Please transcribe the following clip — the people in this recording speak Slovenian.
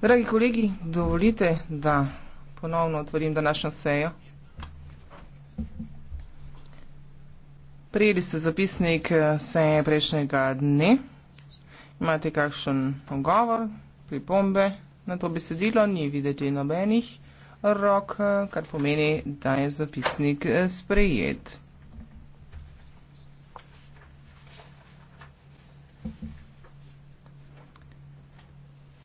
Dragi kolegi, dovolite, da ponovno otvorim današnjo sejo. Prejeli ste zapisnik eh, seje prejšnjega dne. Imate kakšen pogovor, pripombe na to besedilo? Ni videti nobenih rok, eh, kar pomeni, da je zapisnik eh, sprejet.